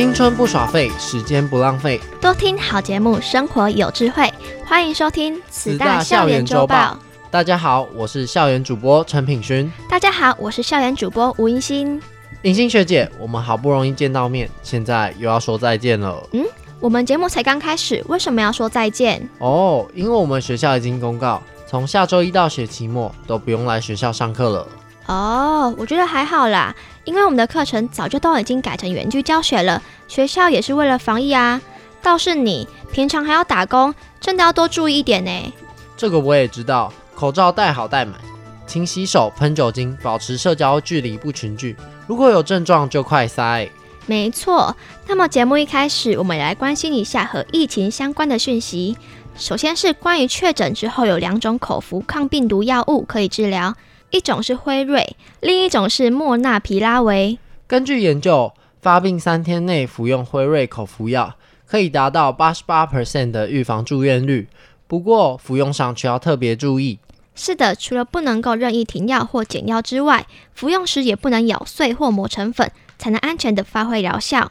青春不耍廢，時間不浪費。多聽好節目，生活有智慧。歡迎收聽慈大校園週報。大家好，我是校園主播陳品勳。大家好，我是校園主播吳盈欣。盈欣學姐，我們好不容易見到面，現在又要說再見了。嗯，我們節目才剛開始，為什麼要說再見？哦，因為我們學校已經公告，從下周一到學期末都不用來學校上課了。哦、oh，我覺得還好啦，因為我們的課程早就都已經改成遠距教學了，學校也是為了防疫啊。倒是你平常還要打工，真的要多注意一點呢。這個我也知道，口罩戴好戴滿，勤洗手，噴酒精，保持社交距離不群聚。如果有症狀就快篩。沒錯，那麼節目一開始，我們也來關心一下和疫情相關的訊息。首先是關於確診之後有兩種口服抗病毒藥物可以治療。一種是輝瑞，另一種是莫納皮拉韋。根據研究，發病三天內服用輝瑞口服藥，可以達到88%的預防住院率。不過，服用上需要特別注意。是的，除了不能夠任意停藥或減藥之外，服用時也不能咬碎或磨成粉，才能安全的發揮療效。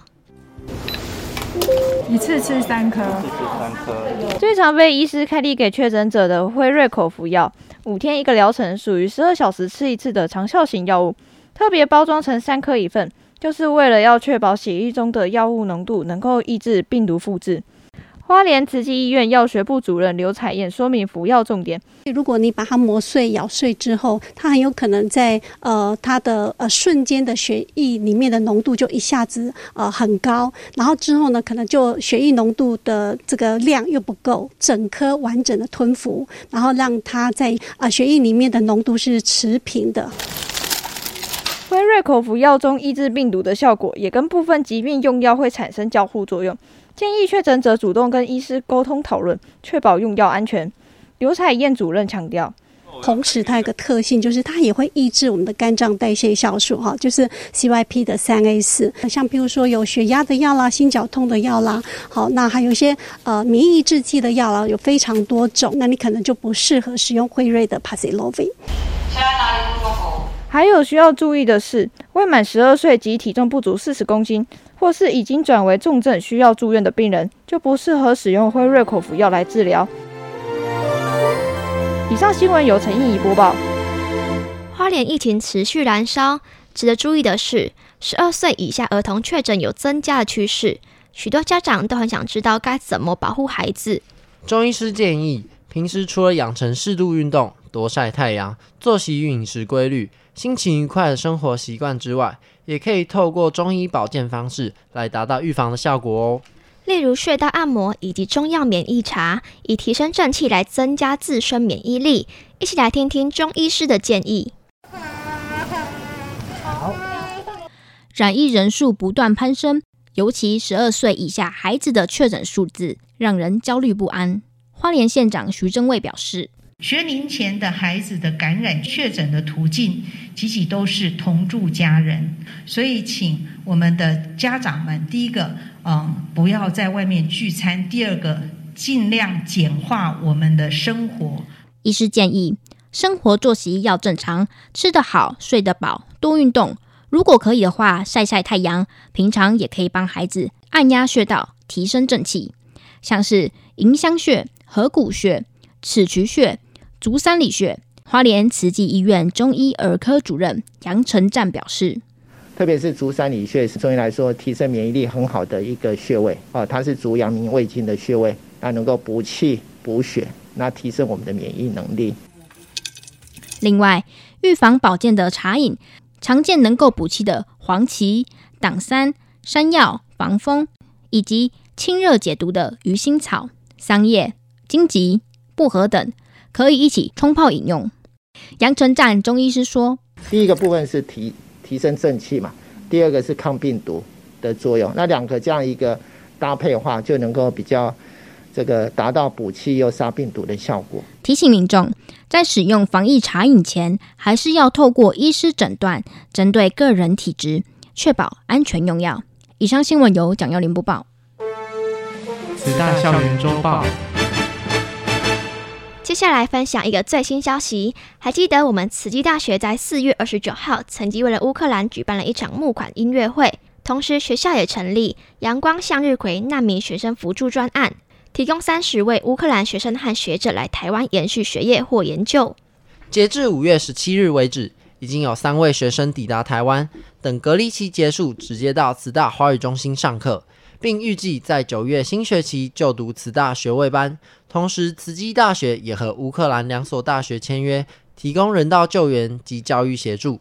一次吃三顆。一次吃三顆。最常被醫師開立給確診者的輝瑞口服藥。五天一個療程，屬於十二小時吃一次的長效型藥物，特別包裝成三顆一份，就是為了要確保血液中的藥物濃度能夠抑制病毒複製。花蓮慈濟醫院藥學部主任劉彩燕說明服藥重點：如果你把它磨碎、咬碎之後，它很有可能在呃它的呃瞬間的血液裡面的濃度就一下子呃很高，然後之後呢，可能就血液濃度的這個量又不夠，整顆完整的吞服，然後讓它在、呃、血液裡面的濃度是持平的。輝瑞口服藥中抑制病毒的效果，也跟部分疾病用藥會產生交互作用。建議確診者主動跟醫師溝通討論，確保用藥安全。劉彩燕主任強調，同時它有一個特性，就是它也會抑制我們的肝臟代謝酵素，哈，就是 CYP 的三 A 四。像譬如說有血壓的藥啦、心絞痛的藥啦，好，那還有一些呃，免疫製劑的藥啦，有非常多種，那你可能就不適合使用輝瑞的 Paxlovid。還有需要注意的是，未滿十二歲及體重不足四十公斤，或是已經轉為重症需要住院的病人，就不適合使用輝瑞口服藥來治療。以上新聞由陳映頤播報。花蓮疫情持續燃燒，值得注意的是，十二歲以下兒童確診有增加的趨勢，許多家長都很想知道該怎麼保護孩子。中醫師建議，平時除了養成適度運動、多曬太陽、作息飲食規律、心情愉快的生活習慣之外，也可以透過中醫保健方式來達到預防的效果哦。例如，穴道按摩以及中藥免疫茶，以提升正氣來增加自身免疫力。一起來聽聽中醫師的建議。好，染疫人數不斷攀升，尤其十二歲以下孩子的確診數字讓人焦慮不安。花蓮縣長徐正衛表示，學齡前的孩子的感染確診的途徑，其實都是同住家人，所以請我們的家長們，第一個，嗯、呃，不要在外面聚餐，第二個，盡量簡化我們的生活。醫師建議，生活作息要正常，吃得好，睡得飽，多運動。如果可以的話，曬曬太陽。平常也可以幫孩子按壓穴道，提升正氣，像是迎香穴、合谷穴、尺渠穴。足三里穴，花蓮慈濟醫院中醫兒科主任楊成湛表示：“特別是足三里穴，是中醫來說提升免疫力很好的一個穴位啊、哦。它是足陽明胃經的穴位，它能夠補氣補血，那提升我們的免疫能力。另外，預防保健的茶飲，常見能夠補氣的黃芪、黨參、山藥、防風，以及清熱解毒的魚腥草、桑葉、荊棘、薄荷等。”可以一起沖泡飲用。楊成占中醫師說：“第一個部分是提提升正氣嘛，第二個是抗病毒的作用。那兩個這樣一個搭配的話，就能夠比較這個達到補氣又殺病毒的效果。”提醒民眾在使用防疫茶飲前，還是要透過醫師診斷，針對個人體質，確保安全用藥。以上新聞由蔣宥羚播報。慈大校園週報。接下來分享一個最新消息，還記得我們慈濟大學在四月二十九號曾經為了烏克蘭舉辦了一場募款音樂會，同時學校也成立陽光向日葵難民學生扶助專案，提供三十位烏克蘭學生和學者來台灣延續學業或研究。截至五月十七日為止，已經有三位學生抵達台灣，等隔離期結束，直接到慈大華語中心上課，並預計在九月新學期就讀慈大學位班。同時，慈濟大學也和烏克蘭兩所大學簽約，提供人道救援及教育協助。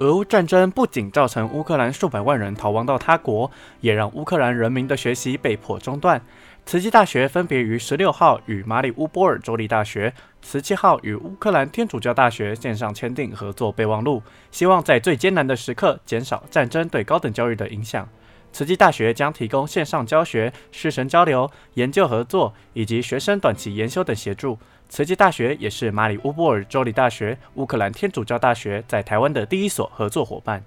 俄烏戰爭不僅造成烏克蘭數百萬人逃亡到他國，也讓烏克蘭人民的學習被迫中斷。慈濟大學分別於十六號與馬裡烏波爾州立大學、十七號與烏克蘭天主教大學線上簽訂合作備忘錄，希望在最艱難的時刻減少戰爭對高等教育的影響。慈濟大學將提供線上教學、師生交流、研究合作以及學生短期研修等協助。慈濟大學也是馬里烏波爾州立大學、烏克蘭天主教大學在台灣的第一所合作伙伴。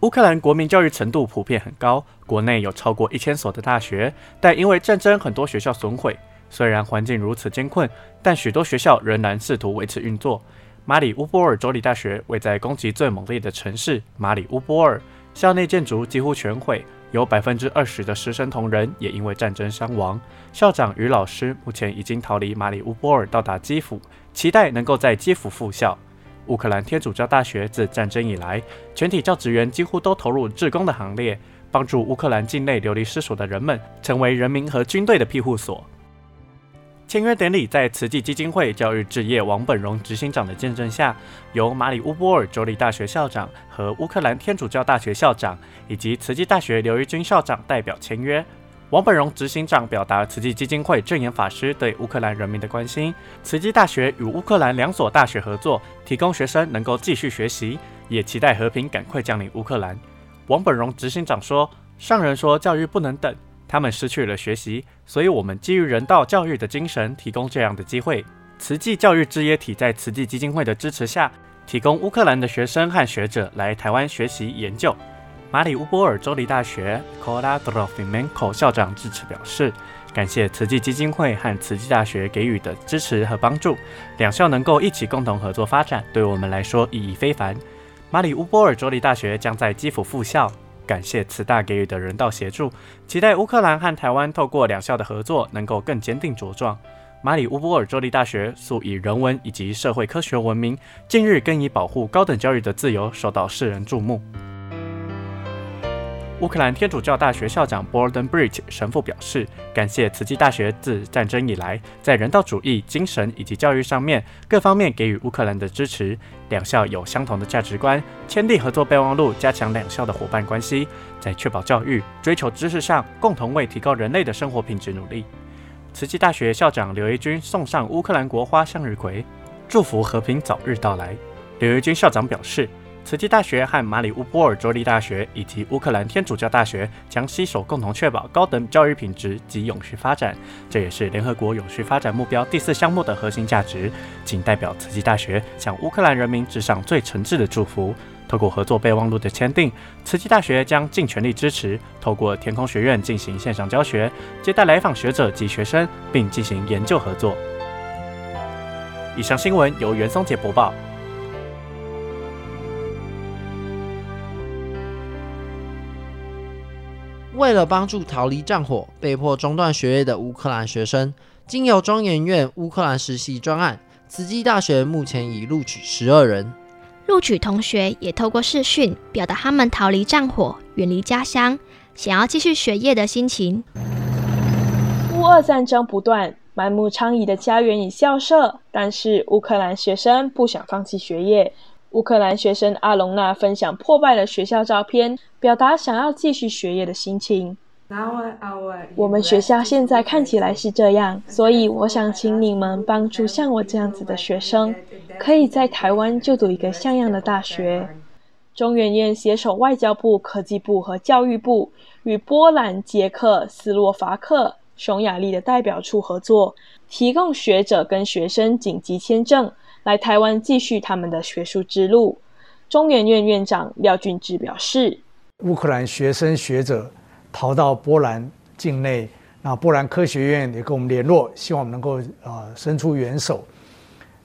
烏克蘭國民教育程度普遍很高，國內有超過一千所的大學，但因為戰爭，很多學校損毀。雖然環境如此艱困，但許多學校仍然試圖維持運作。馬里烏波爾州立大學位在攻擊最猛烈的城市——馬里烏波爾。校內建築幾乎全毀，有百分之二十的師生同仁也因為戰爭傷亡。校長與老師目前已經逃離馬里烏波爾，到達基輔，期待能夠在基輔復校。烏克蘭天主教大學自戰爭以來，全體教職員幾乎都投入志工的行列，幫助烏克蘭境內流離失所的人們成為人民和軍隊的庇護所。簽約典禮在慈濟基金會教育志業王本榮執行長的見證下，由馬里烏波爾州立大學校長和烏克蘭天主教大學校長以及慈濟大學劉怡均校長代表簽約。王本榮執行長表達慈濟基金會證嚴法師對烏克蘭人民的關心。慈濟大學與烏克蘭兩所大學合作，提供學生能夠繼續學習，也期待和平趕快降臨烏克蘭。王本榮執行長說：“上人說，教育不能等。”他們失去了學習，所以我們基於人道教育的精神，提供這樣的機會。慈濟教育事業體在慈濟基金會的支持下，提供烏克蘭的學生和學者來台灣學習研究。馬里烏波爾州立大學 Kolodrofimenko 校長致辭表示，感謝慈濟基金會和慈濟大學給予的支持和幫助，兩校能夠一起共同合作發展，對我們來說意義非凡。馬里烏波爾州立大學將在基輔復校。感謝慈大給予的人道協助，期待烏克蘭和台灣透過兩校的合作，能夠更堅定茁壯。馬里烏波爾州立大學素以人文以及社會科學聞名，近日更以保護高等教育的自由受到世人注目。烏克蘭天主教大學校長 Bordenbridge 神父表示，感謝慈濟大學自戰爭以來在人道主義精神以及教育上面各方面給予烏克蘭的支持。兩校有相同的價值觀，簽訂合作備忘錄，加強兩校的夥伴關係，在確保教育、追求知識上，共同為提高人類的生活品質努力。慈濟大學校長劉怡均送上烏克蘭國花向日葵，祝福和平早日到來。劉怡均校長表示，慈濟大學和馬里烏波爾州立大學以及烏克蘭天主教大學將攜手共同確保高等教育品質及永續發展，這也是聯合國永續發展目標第四項目的核心價值。僅代表慈濟大學向烏克蘭人民致上最誠摯的祝福。透過合作備忘錄的簽訂，慈濟大學將盡全力支持，透過天空學院進行線上教學，接待來訪學者及學生，並進行研究合作。以上新聞由袁崧傑播報。為了幫助逃離戰火、被迫中斷學業的烏克蘭學生，經由中研院烏克蘭實習專案，慈濟大學目前已錄取十二人。錄取同學也透過視訊，表達他們逃離戰火、遠離家鄉、想要繼續學業的心情。烏俄戰爭不斷，滿目瘡痍的家園與校舍，但是烏克蘭學生不想放棄學業。烏克蘭學生阿隆娜分享破敗的學校照片，表達想要繼續學業的心情。Now, uh, uh, 我們學校現在看起來是這樣，所以我想請你們幫助像我這樣子的學生，可以在台灣就讀一個像樣的大學。中研院攜手外交部、科技部和教育部，與波蘭、捷克、斯洛伐克、匈牙利的代表處合作，提供學者跟學生緊急簽證。來台灣繼續他們的學術之路。中研院院長廖俊智表示：“烏克蘭學生學者逃到波蘭境內，那波蘭科學院也跟我們聯絡，希望我們能夠啊、呃、伸出援手。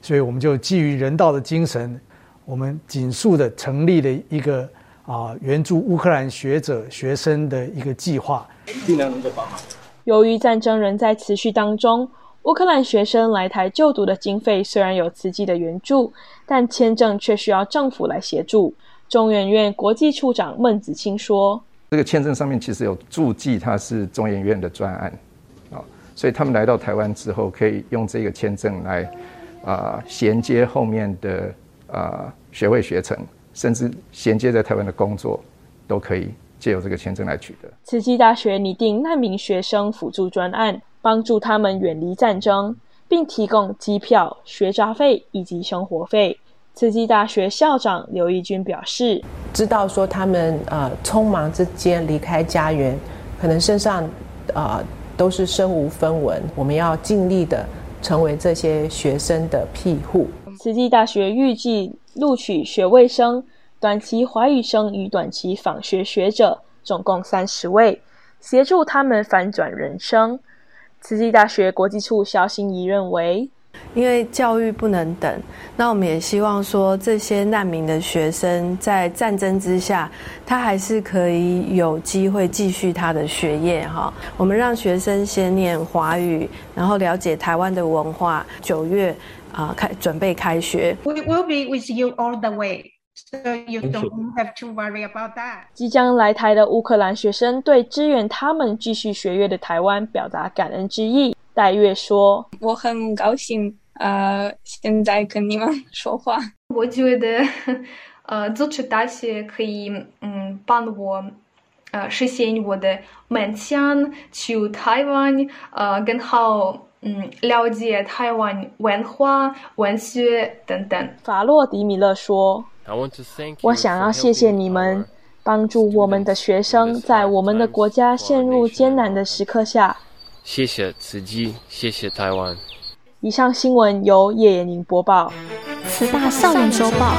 所以我們就基於人道的精神，我們緊速的成立了一個啊、呃、援助烏克蘭學者學生的一個計劃，盡量能夠幫忙。由於戰爭仍在持續當中。”烏克蘭學生來台就讀的經費雖然有慈濟的援助，但簽證卻需要政府來協助。中研院國際處長孟子清說：“這個簽證上面其實有注記，他是中研院的專案，啊、哦，所以他們來到台灣之後，可以用這個簽證來啊、呃、銜接後面的啊、呃、學位學程，甚至銜接在台灣的工作，都可以借由這個簽證來取得。”慈濟大學擬定難民學生輔助專案。幫助他們遠離戰爭，並提供機票、學雜費以及生活費。慈濟大學校長劉怡均表示：“知道說他們呃匆忙之間離開家園，可能身上，呃都是身無分文，我們要盡力的成為這些學生的庇護。”慈濟大學預計錄取學位生、短期華語生與短期訪學學，學者總共三十位，協助他們反轉人生。慈濟大學國際處肖心怡認為，因為教育不能等，那我們也希望說，這些難民的學生在戰爭之下，他還是可以有機會繼續他的學業哈。我們讓學生先念華語，然後了解台灣的文化。九月啊，開、呃、準備開學。We will be with you all the way. So you don't have to worry about that. 即將來台的烏克蘭學生對支援他們繼續學業的台灣表達感恩之意。戴月說：“我很高興，呃，現在跟你們說話。我覺得，呃，走出大學可以，嗯，幫我，呃，實現我的夢想，去台灣，呃，更好，嗯，了解台灣文化、文學等等。”法洛迪米勒說。I want to 我想要謝謝你們，幫助我們的學生在我們的國家陷入艱難的時刻下。謝謝慈濟，謝謝台灣。以上新聞由葉延盈播報，《慈大校園周報》。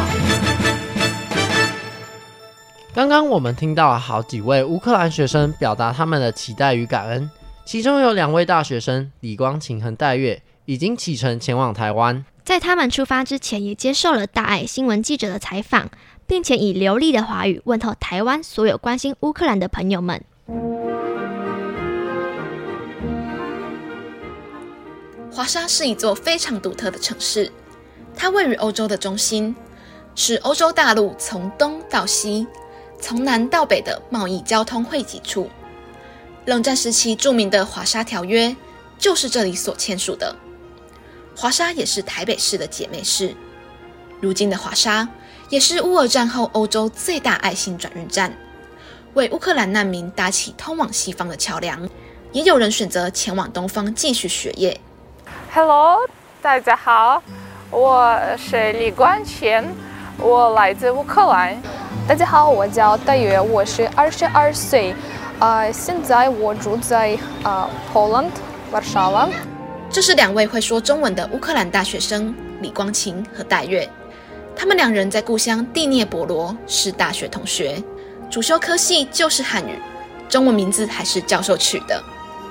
剛剛我們聽到好幾位烏克蘭學生表達他們的期待與感恩，其中有兩位大學生李光晴和戴月已經啟程前往台灣。在他們出發之前，也接受了大愛新聞記者的採訪，並且以流利的華語問候台灣所有關心烏克蘭的朋友們。華沙是一座非常獨特的城市，它位於歐洲的中心，是歐洲大陸從東到西、從南到北的貿易交通匯集處。冷戰時期著名的華沙條約就是這裡所簽署的。華沙也是台北市的姐妹市。如今的華沙也是烏俄戰後歐洲最大愛心轉運站，為烏克蘭難民搭起通往西方的橋梁。也有人選擇前往東方繼續學業。Hello，大家好，我是李冠茜，我來自烏克蘭。大家好，我叫戴月，我是二十二歲。呃，現在我住在呃 Poland 華沙。這是兩位會說中文的烏克蘭大學生，李光晴和戴月，他們兩人在故鄉蒂涅博羅是大學同學，主修科系就是漢語，中文名字還是教授取的。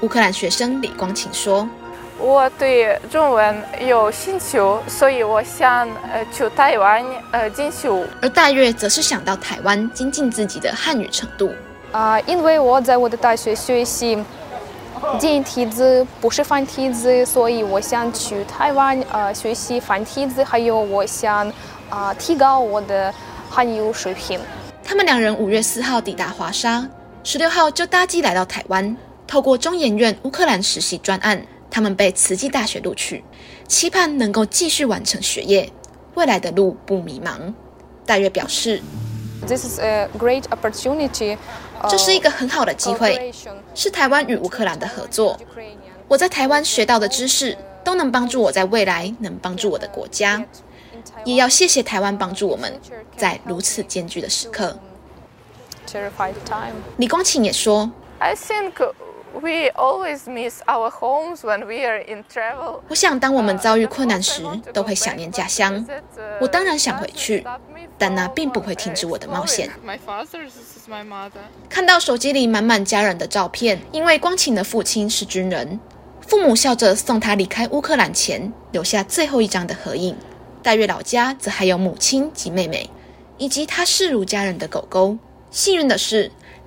烏克蘭學生李光晴說：“我對中文有興趣，所以我想呃去台灣呃進修。”而戴月則是想到台灣精進自己的漢語程度。呃，因為我在我的大學學習簡體字，不是繁體字，所以我想去台灣呃學習繁體字，還有我想啊、呃、提高我的漢語水平。他們兩人五月四號抵達華沙，十六號就搭機來到台灣。透過中研院烏克蘭實習專案，他們被慈濟大學錄取，期盼能夠繼續完成學業，未來的路不迷茫。戴月表示，This is a great opportunity. 這是一個很好的機會，是台灣與烏克蘭的合作。我在台灣學到的知識，都能幫助我在未來能幫助我的國家。也要謝謝台灣幫助我們，在如此艱鉅的時刻。李光慶也說。We always miss our homes when we are in travel. 我想，當我們遭遇困難時，都會想念家鄉。我當然想回去，但那並不會停止我的冒險。看到手機裡滿滿家人的照片，因為光晴的父親是軍人，父母笑着送他離開烏克蘭前，留下最後一張的合影。戴月老家則還有母親及妹妹，以及他視如家人的狗狗。幸運的是。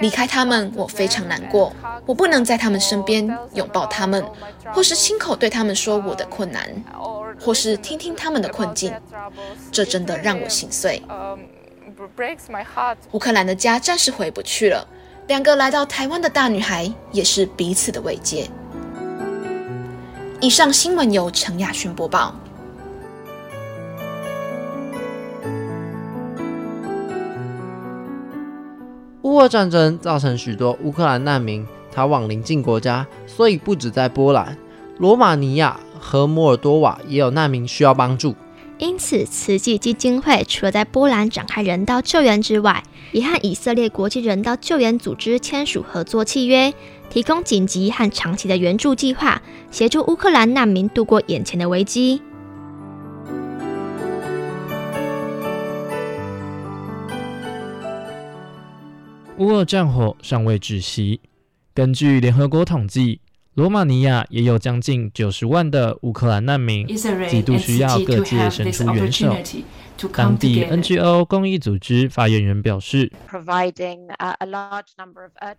離開他們，我非常難過。我不能在他們身邊擁抱他們，或是親口對他們說我的困難，或是聽聽他們的困境。這真的讓我心碎。烏克蘭的家暫時回不去了，兩個來到台灣的大女孩也是彼此的慰藉。以上新聞由程雅焄播報。烏俄戰爭造成許多烏克蘭難民逃往鄰近國家，所以不止在波蘭、羅馬尼亞和摩爾多瓦也有難民需要幫助。因此，慈濟基金會除了在波蘭展開人道救援之外，也和以色列國際人道救援組織簽署合作契約，提供緊急和長期的援助計劃，協助烏克蘭難民度過眼前的危機。烏俄戰火尚未止息。根據聯合國統計，羅馬尼亞也有將近九十萬的烏克蘭難民，極度需要各界伸出援手。當地 NGO 公益組織發言人表示，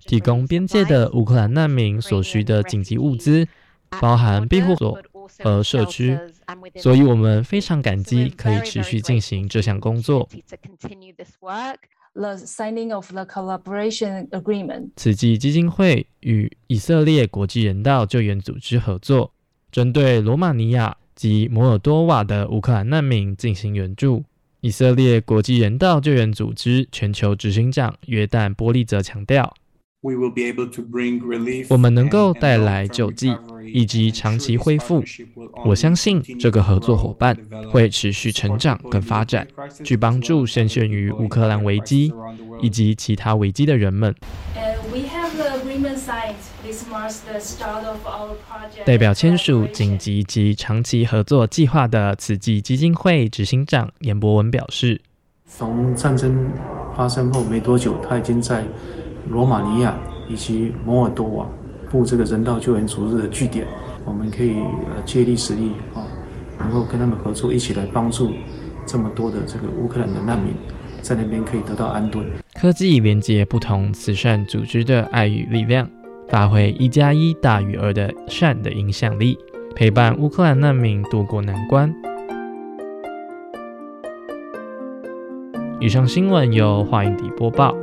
提供邊界的烏克蘭難民所需的緊急物資，包含庇護所和社區，所以我們非常感激可以持續進行這項工作。The signing of the collaboration agreement. 慈濟基金會與以色列國際人道救援組織合作，針對羅馬尼亞及摩爾多瓦的烏克蘭難民進行援助。以色列國際人道救援組織全球執行長約旦·波利澤強調。We will be able to bring relief。我們能夠帶來救濟，以及長期恢復。我相信這個合作伙伴會持續成長跟發展，去幫助深陷於烏克蘭危機以及其他危機的人們。代表簽署緊急及長期合作計劃的慈濟基金會執行長顏博文表示：“從戰爭發生後沒多久，他已經在。”羅馬尼亞以及摩爾多瓦布這個人道救援組織的據點，我們可以呃借力使力啊，然後跟他們合作一起來幫助這麼多的這個烏克蘭的難民在那邊可以得到安頓。科技連接不同慈善組織的愛與力量，發揮一加一大於二的善的影響力，陪伴烏克蘭難民渡過難關。以上新聞由華胤迪播報。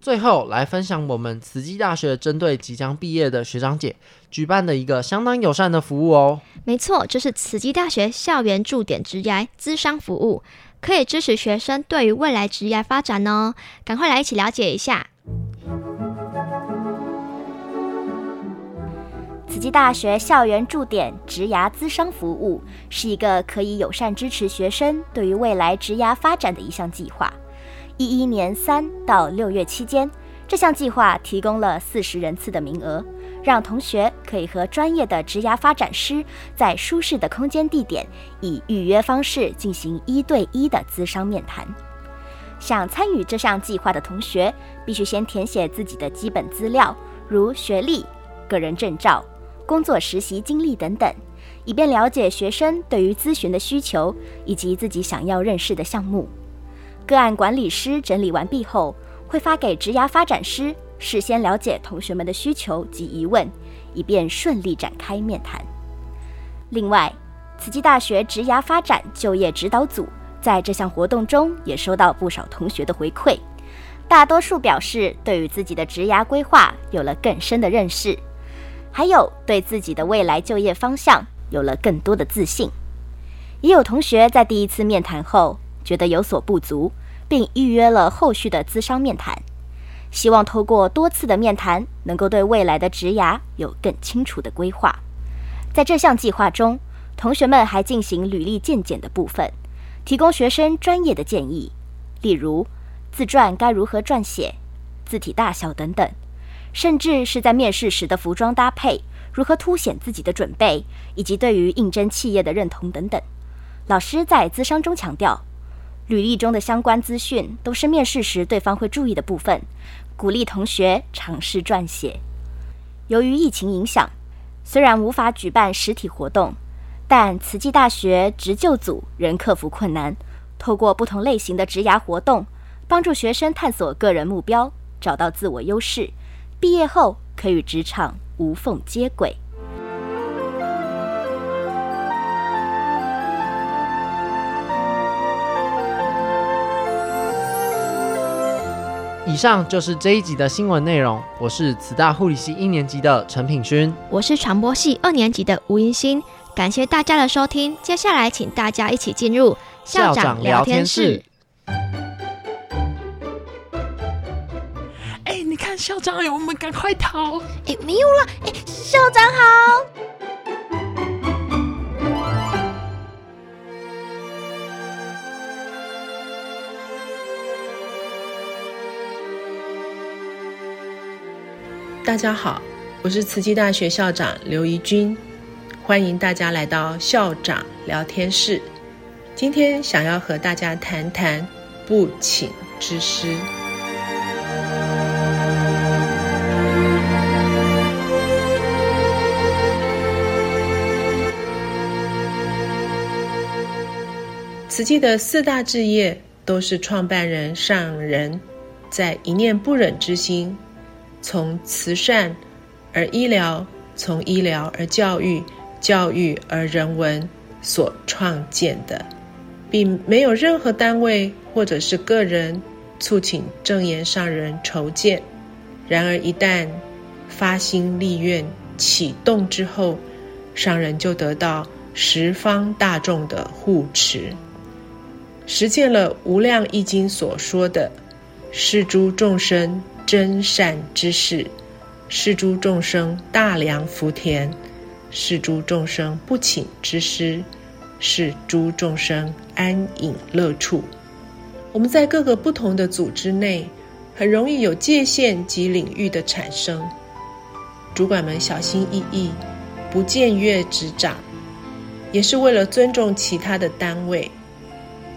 最後來分享我們慈濟大學針對即將畢業的學長姐舉辦的一個相當友善的服務哦。沒錯，這是慈濟大學校園駐點職涯諮商服務，可以支持學生對於未來職涯發展哦。趕快來一起了解一下。慈濟大學校園駐點職涯諮商服務是一個可以友善支持學生對於未來職涯發展的一項計劃。一一年三到六月期間，這項計劃提供了四十人次的名額，讓同學可以和專業的職涯發展師在舒適的空間地點，以預約方式進行一對一的諮商面談。想參與這項計劃的同學，必須先填寫自己的基本資料，如學歷、個人證照、工作實習經歷等等，以便了解學生對於諮詢的需求以及自己想要認識的項目。個案管理師整理完畢後，會發給職涯發展師，事先了解同學們的需求及疑問，以便順利展開面談。另外，慈濟大學職涯發展就業指導組在這項活動中也收到不少同學的回饋，大多數表示對於自己的職涯規劃有了更深的認識，還有對自己的未來就業方向有了更多的自信。也有同學在第一次面談後覺得有所不足。並預約了後續的諮商面談，希望透過多次的面談，能夠對未來的職涯有更清楚的規劃。在這項計劃中，同學們還進行履歷健檢的部分，提供學生專業的建議，例如自傳該如何撰寫、字體大小等等，甚至是在面試時的服裝搭配、如何凸顯自己的準備以及對於應徵企業的認同等等。老師在諮商中強調。履歷中的相關資訊都是面試時對方會注意的部分，鼓勵同學嘗試撰寫。由於疫情影響，雖然無法舉辦實體活動，但慈濟大學職就組仍克服困難，透過不同類型的職涯活動，幫助學生探索個人目標，找到自我優勢，畢業後可與職場無縫接軌。以上就是這一集的新聞內容。我是慈大護理系一年級的陳品勳，我是傳播系二年級的吳盈欣，感謝大家的收聽，接下來請大家一起進入校長聊天室。哎、欸，你看校長，哎，我們趕快逃。哎、欸，沒有了。哎、欸，校長好。大家好，我是慈濟大學校長劉怡均，歡迎大家來到校長聊天室。今天想要和大家談談不請之師。慈濟的四大志業都是創辦人上人，在一念不忍之心。從慈善而醫療，從醫療而教育，教育而人文，所創建的，並沒有任何單位或者是個人促請證嚴上人籌建。然而，一旦發心立願啟動之後，上人就得到十方大眾的護持，實現了《無量義經》所說的“視諸眾生”。真善知識，是諸眾生大良福田；是諸眾生不請之師；是諸眾生安隱樂處。我們在各個不同的組織內，很容易有界限及領域的產生。主管們小心翼翼，不僭越職掌，也是為了尊重其他的單位，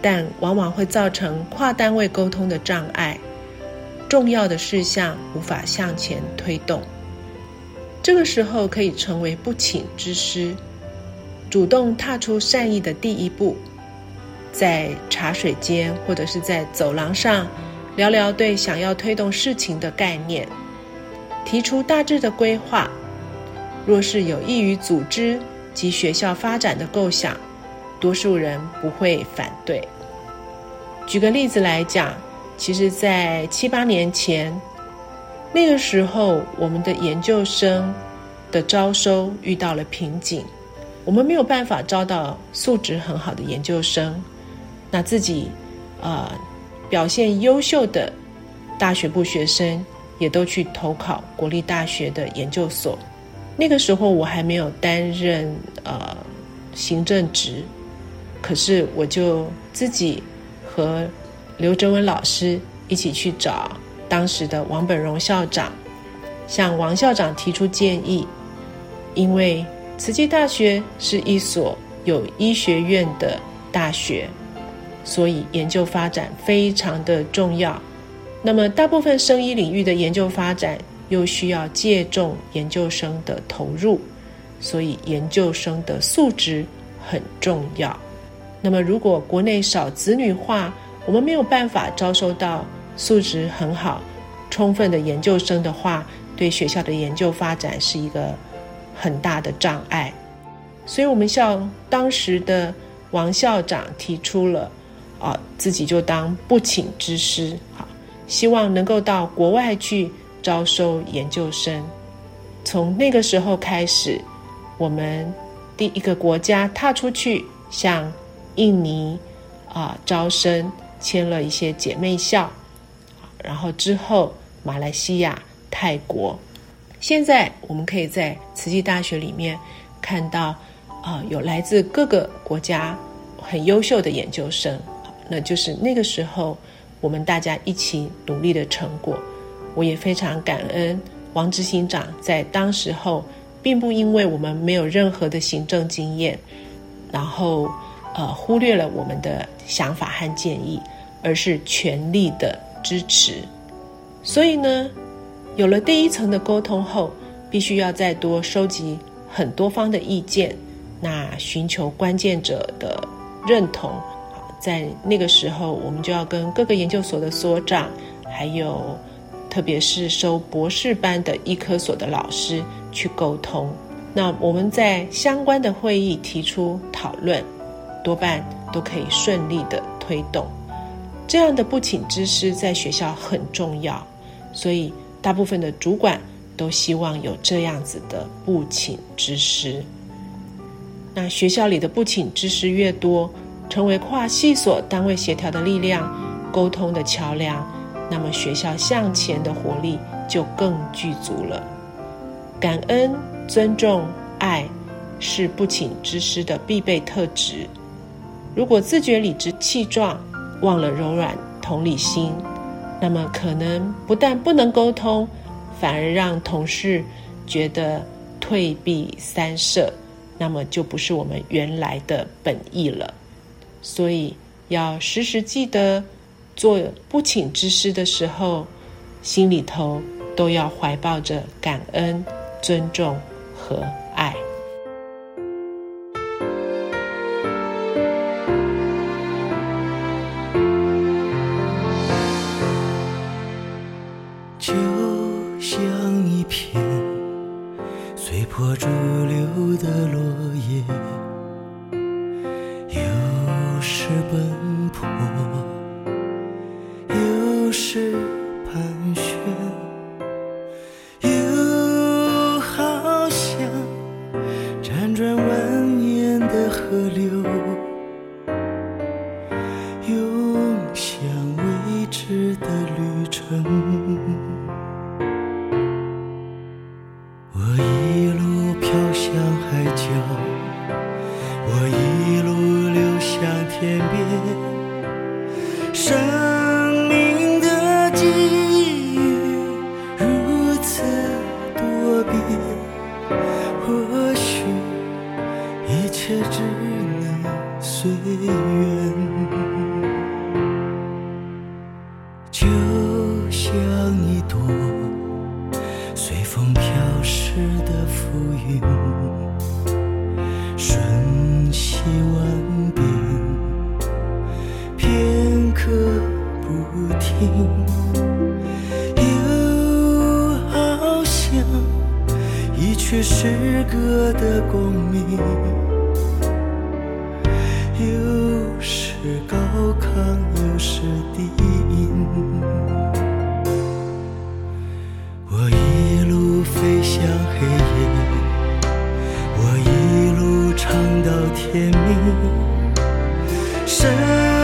但往往會造成跨單位溝通的障礙。重要的事項無法向前推動，這個時候可以成為不請之師，主動踏出善意的第一步，在茶水間或者是在走廊上聊聊對想要推動事情的概念，提出大致的規劃，若是有益於組織及學校發展的構想，多數人不會反對。舉個例子來講。其實，在七八年前，那個時候，我們的研究生的招收遇到了瓶頸，我們沒有辦法招到素質很好的研究生。那自己啊、呃，表現優秀的大學部學生也都去投考國立大學的研究所。那個時候，我還沒有擔任呃行政職，可是我就自己和。劉哲文老師一起去找當時的王本榮校長，向王校長提出建議，因為慈濟大學是一所有醫學院的大學，所以研究發展非常的重要。那麼，大部分生醫領域的研究發展又需要借重研究生的投入，所以研究生的素質很重要。那麼，如果國內少子女化，我們沒有辦法招收到素質很好、充分的研究生的話，對學校的研究發展是一個很大的障礙。所以，我們向當時的王校長提出了，啊，自己就當不請之師，啊，希望能夠到國外去招收研究生。從那個時候開始，我們第一個國家踏出去向印尼啊招生。簽了一些姐妹校，然後之後馬來西亞、泰國，現在我們可以在慈濟大學裡面看到，啊、呃，有來自各個國家很優秀的研究生，那就是那個時候我們大家一起努力的成果。我也非常感恩王執行長在當時候，並不因為我們沒有任何的行政經驗，然後呃忽略了我們的想法和建議。而是全力的支持，所以呢，有了第一層的溝通後，必須要再多收集很多方的意見，那尋求關鍵者的認同，在那個時候，我們就要跟各個研究所的所長，還有特別是收博士班的醫科所的老師去溝通。那我們在相關的會議提出討論，多半都可以順利的推動。這樣的不請之師在學校很重要，所以大部分的主管都希望有這樣子的不請之師。那學校裡的不請之師越多，成為跨系所單位協調的力量、溝通的橋梁，那麼學校向前的活力就更具足了。感恩、尊重、愛是不請之師的必備特質。如果自覺理直氣壯，忘了柔軟同理心，那麼可能不但不能溝通，反而讓同事覺得退避三舍，那麼就不是我們原來的本意了。所以要時時記得，做不請之師的時候，心裡頭都要懷抱着感恩、尊重和愛。又好像一曲詩歌的共鳴，又是高亢，又是低吟。我一路飛向黑夜，我一路唱到天明。身。